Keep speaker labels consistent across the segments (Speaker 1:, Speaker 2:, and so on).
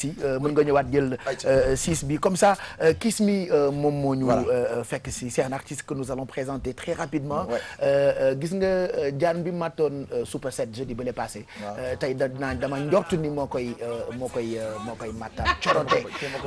Speaker 1: si euh, mën nga ñëwaat jël euh, six bi comme ça euh, Kiss Me moom moo ñu fekk si c'est un artiste que nous allons présenter très rapidement gis nga jaan bi matoon Super 7 jeudi ba le passé tey dama njort ni moo corote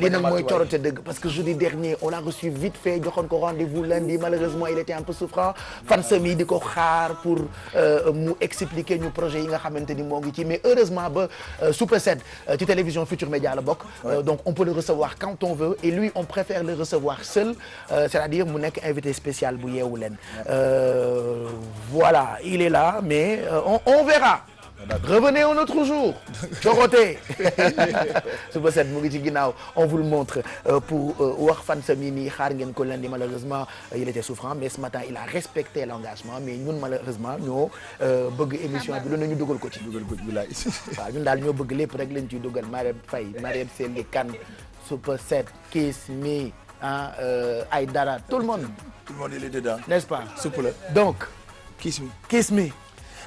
Speaker 1: li nag mooy corote dëgg parce que jeudi dernier on l'a reçu vite fait joxoon ko rendez lundi malheureusement il était un peu souffrant fan semi di ko xaar pour mu expliquer ñu projet yi nga xamante ni moo ngi mais heureusement ba Super 7 ci télévision Dia la bokk euh, donc on peut le recevoir quand on veut et lui on préfère le recevoir seul euh, c'est-à-dire mu nekk invité spécial bu yeewu leen euh, voilà il est là mais on, on verra revenez un autre jour Dorothée Super 7 mu ngi ci ginnaaw on vous le montre euh, pour euh, wax fan sa mii xaar ngeen ko lundi malheureusement euh, il était souffrant mais ce matin il a respecté l'engagement mais ñun malheureusement ñoo bëgg émission bi lu nañu dugal ko ci dugal ko ci bilaay waaw ñun daal ñoo bëgg lépp rek lañ ciy dugal Mariam Faye Mariam Sélé Kane Super 7 Kiss Me ah Aïdara tout le monde
Speaker 2: tout le monde il est dedans
Speaker 1: n'est-ce pas souple donc Kiss Me Kiss Me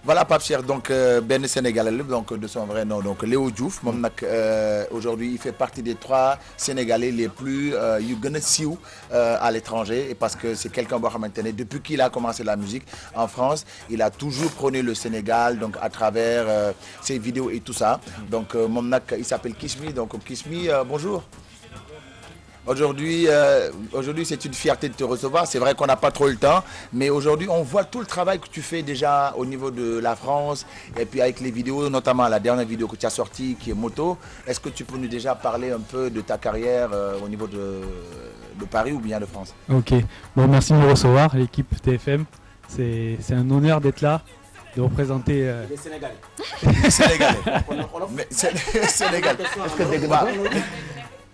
Speaker 2: voilà Pape Cheikh donc euh, benn sénégalais la donc de son vrai nom donc Léo Diouf moom nag euh, aujourd'hui il fait partie des trois sénégalais les plus euh, yu gën a siiw à l'étranger et parce que c'est quelqu'un boo xamante ne depuis qu'il a commencé la musique en France il a toujours prôné le Sénégal donc à travers ses vidéos et tout ça mm-hmm. donc moom nag il s'appelle Kishmi donc Kishmi bonjour Euh, aujourd'hui, c'est une fierté de te recevoir. C'est vrai qu'on n'a pas trop le temps, mais aujourd'hui, on voit tout le travail que tu fais déjà au niveau de la France et puis avec les vidéos, notamment la dernière vidéo que tu as sortie qui est moto. Est-ce que tu peux nous déjà parler un peu de ta carrière euh, au niveau de, Paris ou bien de France
Speaker 3: Ok. merci de me recevoir, l'équipe TFM. C'est, un honneur d'être là, de représenter. Euh... Les Sénégalais. Sénégalais. Sénégal. non je donc ah.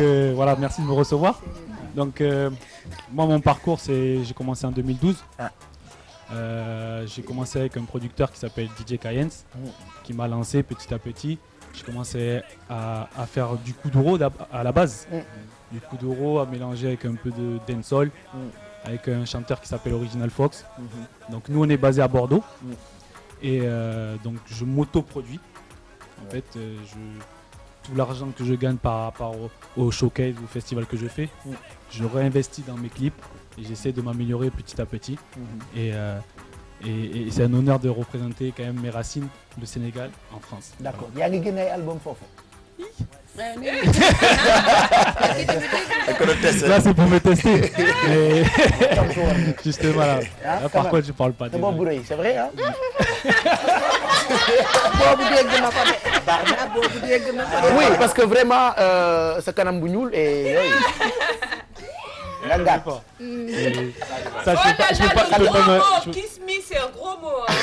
Speaker 3: euh, merci de me recevoir. Euh, mon parcours c'est j'ai commencé en ah. euh, j'ai commencé avec un producteur qui s'appelle DJ Kayens mm. qui m'a lancé petit à petit. J'ai commencé à, faire du kuduro à la base. Mm. Du kuduro à mélanger avec un peu de dancehall. Mm. avec euh, un chanteur qui s'appelle Original Fox. Mm -hmm. Donc nous on est basé à Bordeaux mm. et euh, donc je m'auto-produis. En ouais. fait, euh, je, tout l'argent que je gagne par rapport au, au, showcase, au festival que je fais, mm. je réinvestis dans mes clips et j'essaie de m'améliorer petit à petit. -hmm. Et, euh, et, et c'est un honneur de représenter quand même mes racines, le Sénégal, en France. D'accord. Il y a les albums forts. Merci pour me tester. Mais justement là, ah, là par contre je parle pas de. boobu
Speaker 1: rëy c'est vrai ah. boobu dégg na ko de. baax na boobu dégg na ko de. oui parce que vraiment euh, sa kanam bu ñuul et yooyu. nga gàtt. ça je peux pas je peux pas. Oh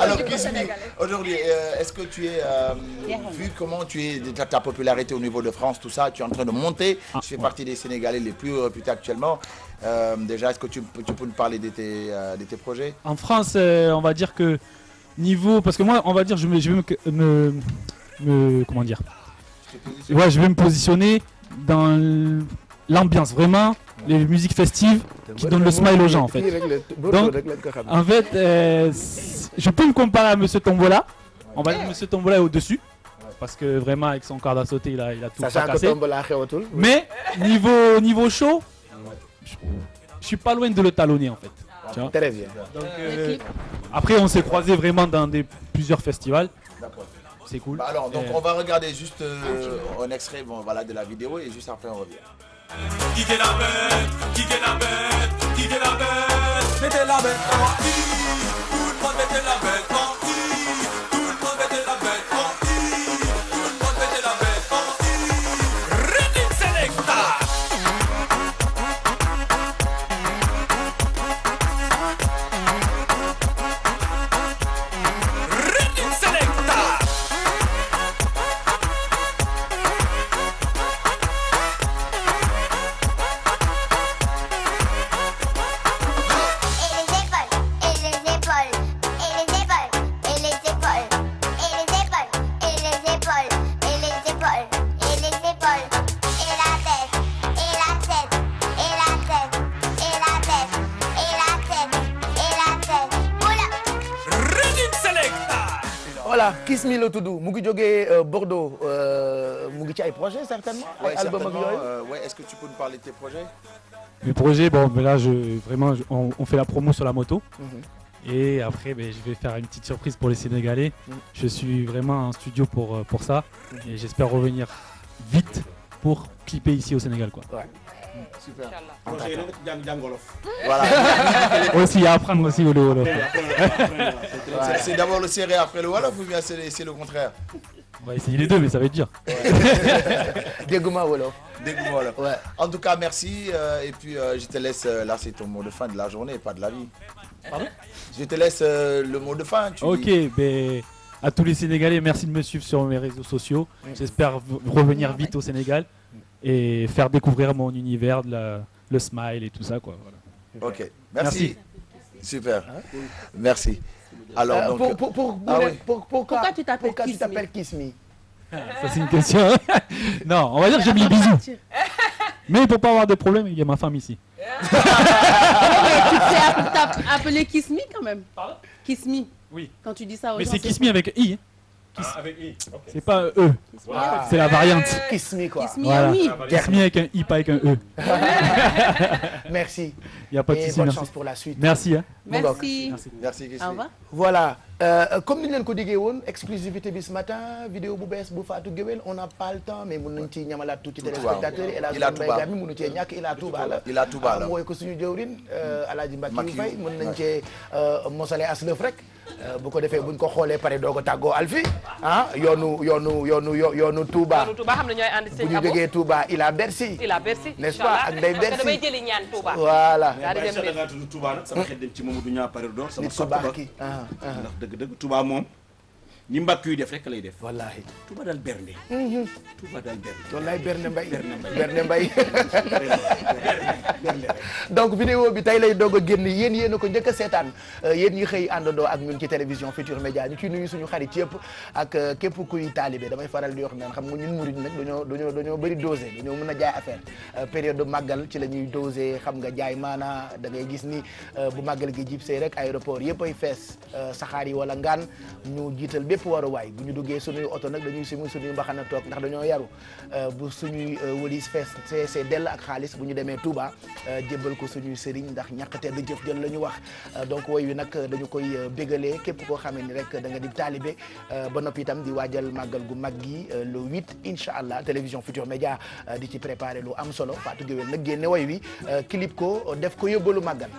Speaker 2: alors Kizmi aujourd'hui euh, est-ce que tu es euh, vu comment tu es ta popularité au niveau de France tout ça tu es en train de monter ah, tu fais partie des Sénégalais les plus réputés actuellement euh, déjà est-ce que tu tu peux nous parler de tes de tes projets
Speaker 3: en France on va dire que niveau parce que moi on va dire je me je vais me, me comment dire ouais je vais me positionner dans l'ambiance vraiment les musiques festives qui donnent le smile aux gens en fait donc en fait euh, je peux me comparer à Monsieur Tombola. On va dire que Monsieur Tombola est au-dessus. Parce que vraiment, avec son quart il a, tout fracassé. Mais niveau, niveau je, suis pas loin de le talonner en fait.
Speaker 2: Euh,
Speaker 3: après, on s'est croisés vraiment dans des, plusieurs festivals. C'est donc, euh, on va
Speaker 2: regarder juste euh, extrait de la vidéo et juste après, on revient.
Speaker 3: Qui la la bête, qui la bête, mettez la bête.
Speaker 1: voilà Kiss Me la tudd mu ngi jógee euh, Bordeaux euh, mu ngi ci ay
Speaker 2: projets certainement. ay album ak yooyu euh, ouais est-ce que tu peux nous parler de tes projets.
Speaker 3: mes projets bon mais là je vraiment je, on, on fait la promo sur la moto. Mm-hmm. et après ben, je vais faire une petite surprise pour les Sénégalais. Mm-hmm. je suis vraiment en studio pour pour ça. Mm-hmm. et j'espère revenir vite pour clipper ici au Sénégal quoi. Ouais.
Speaker 1: super projet yi jàng jàng wolof. voilà
Speaker 2: aussi apprendre
Speaker 3: aussi le wolof.
Speaker 2: après le wolof c'est le contraire.
Speaker 3: on va essayer les deux mais ça va être dur.
Speaker 2: wolof. en tout cas merci euh, et puis euh, je te laisse euh, c'est ton mot de fin de la journée pas de la vie. je te laisse euh, le mot de fin. ok
Speaker 3: dis... À tous les Sénégalais, merci de me sur mes réseaux sociaux. J'espère revenir vite au Sénégal. et faire découvrir mon univers, de la, le smile et tout ça. Quoi, voilà. Ok, merci. merci.
Speaker 2: Super. Merci. Alors, euh, donc, pour, pour,
Speaker 3: pour,
Speaker 1: ah oui. pour, pourquoi, tu t'appelles Kiss, Kiss, Me
Speaker 3: Ça, c'est une question. non, on va dire que j'ai mis bisous. Mais pour pas avoir de problème, il y a ma femme ici. tu t'es
Speaker 1: appelé Kiss Me quand même Pardon Kiss Me. Oui. Quand tu dis ça aux Mais c'est Kiss Me avec
Speaker 3: I. Hein. Ah, avec I. C'est pas un E. Ah. C'est la variante. Kiss
Speaker 1: me, quoi. Kiss me, voilà.
Speaker 3: avec un I, pas avec un E.
Speaker 1: merci. a pas merci. chance pour la suite. Merci. Hein. Merci. Merci. Euh, exclusivité ce matin, vidéo Boubès, Boufatou Gewel, on n'a pas le temps, mais nous avons a tout a tout bas. Il a a tout bas. Il a tout bas. Il a tout bas. Il a tout bas. Il a tout bas. Il a tout bas. Il a tout bas. Il a tout bas. a tout bas. Il a a tout bas. Il a tout bas. Il a tout bas. Il a tout bas. Il a tout bas. Il a tout bas. Il a tout bas. Il a tout bas. Il a tout bas. Il a tout bas. Euh, bu ko defee buñ ko xoolee pare doog a tàggoo Alfi ah yoonu yoonu yoonu yoonu Touba. yoonu Touba xam ne ñooy ànd si bu ñu Touba il a Bercy. il a Bercy n'est-ce pas ak Ndeye Bercy damay jëli ñaan Touba. voilà mais Baye Cheikh da ngaa tudd Touba sama xel dem ci Mamadou Niang Parador. sama sopp ba ah, ah. ndax dëgg-dëgg Touba moom. ni mbàkk yu def rek lay def. wallaahi Touba daal bernde. Mhm. Touba daal bernde. wallaahi bernde mbay bernde mbay donc vidéo bi tey lay doog a génn yéen yéen ko njëkk seetaan euh, yéen ñi xëy àndandoo ak ñun ci télévision Futur Média ñu ci nuyu suñu xarit yëpp ak euh, képp kuy taalibe damay faral di wax naan xam nga ñun murid nag dañoo dañoo dañoo bëri dosé dañoo mën a jaay affaire euh, période de màggal ci la ñuy dosé xam nga jaay maanaa da ngay gis ni bu màggal gi jib see rek aéroport yëpp ay fees saxaar yi wala ngaan ñu jiital bépp waruwaay bu ñu duggee suñuy oto nag dañuy simi suñuy mbaxana toog ndax dañoo yaru euh, bu suñuy euh, wëlis fees feesee dell ak xaalis bu ñu demee Touba euh, jébbal ko suñuy sëriñ ndax ñàkk tedd jëf jël la ñu wax donc woy wi nag dañu koy bégalee képp koo xamee ni rek da nga di taalibe ba noppi itam di waajal màggal gu mag gi le 8 incha allah télévision Futur Média di ci préparé lu am solo Fatou Gueye nag génne woy wi clip ko def ko yóbbalu màggal.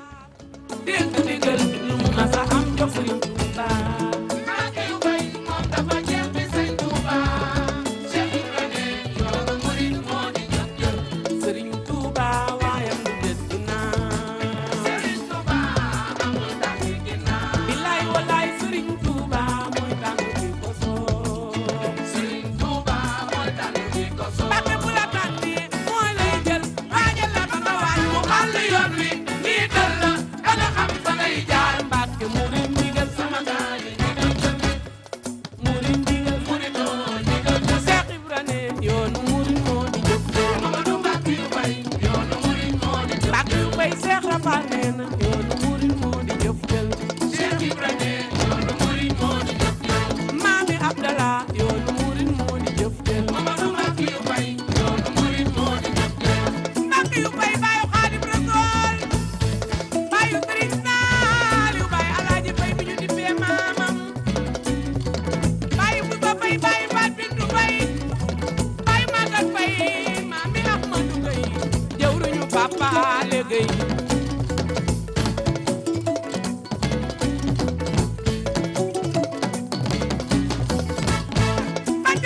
Speaker 1: Samba nee na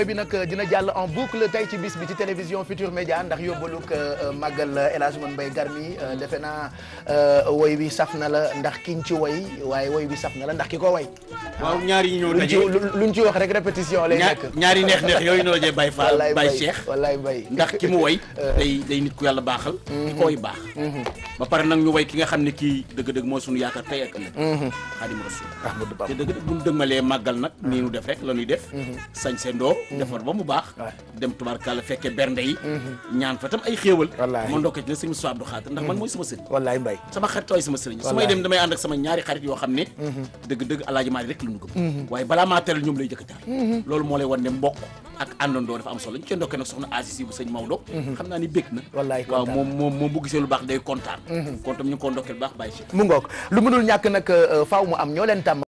Speaker 1: mooy nag euh, dina jàll en boucle tey ci bis bi ci télévision Futur Média ndax yóbbalug euh, euh, màggal El Hadj Ousmane Mbaye Garmi mm. defe naa woy wi saf na la ndax kiñ ci woy waaye woy wi saf na la ndax ki ko woy. waaw ñaari yi ñoo daje luñ ci wax rek répétition lay nekk. ñaari neex neex yooyu noo dajee Baye Fall Baye Cheikh wallaay Baye ndax ki mu woy day day nit ku yàlla baaxal. ki mm-hmm. koy baax. Mm-hmm. ba pare nag ñu woy ki nga xam ne kii dëgg-dëgg moo suñu yaakaar tey ak ëllëg. Mm-hmm. te dëgg-dëgg bu ñu dëgmalee màggal nag nii ñu def rek la ñuy def sañ seen doo defar ba mu baax dem tubaarkàlla fekkee bernde yi mhm. ñaan fa tam ay xéewal ma ndokkee ci ne sëñ Moussa Abdou Khadir ndax man mooy mhm. sama sëriñ wallaay mbay sama xarit waay sama sëriñ su may dem damay ànd ak sama ñaari xarit yoo xam ne mhm. dëgg-dëgg alaaji maari rek lu ñu gëm waaye balaa maa teral ñoom lay jëkk jaar loolu moo lay wan ne mbokk ak àndandoo dafa am solo ñu cee ndokkee nag soxna Asisi bu sëñ Maodo xam naa ni bég na waaw moom moom moom bu gisee lu baax day kontaan kon ñu ko ndokkee lu baax bàyyi si mu ngoog lu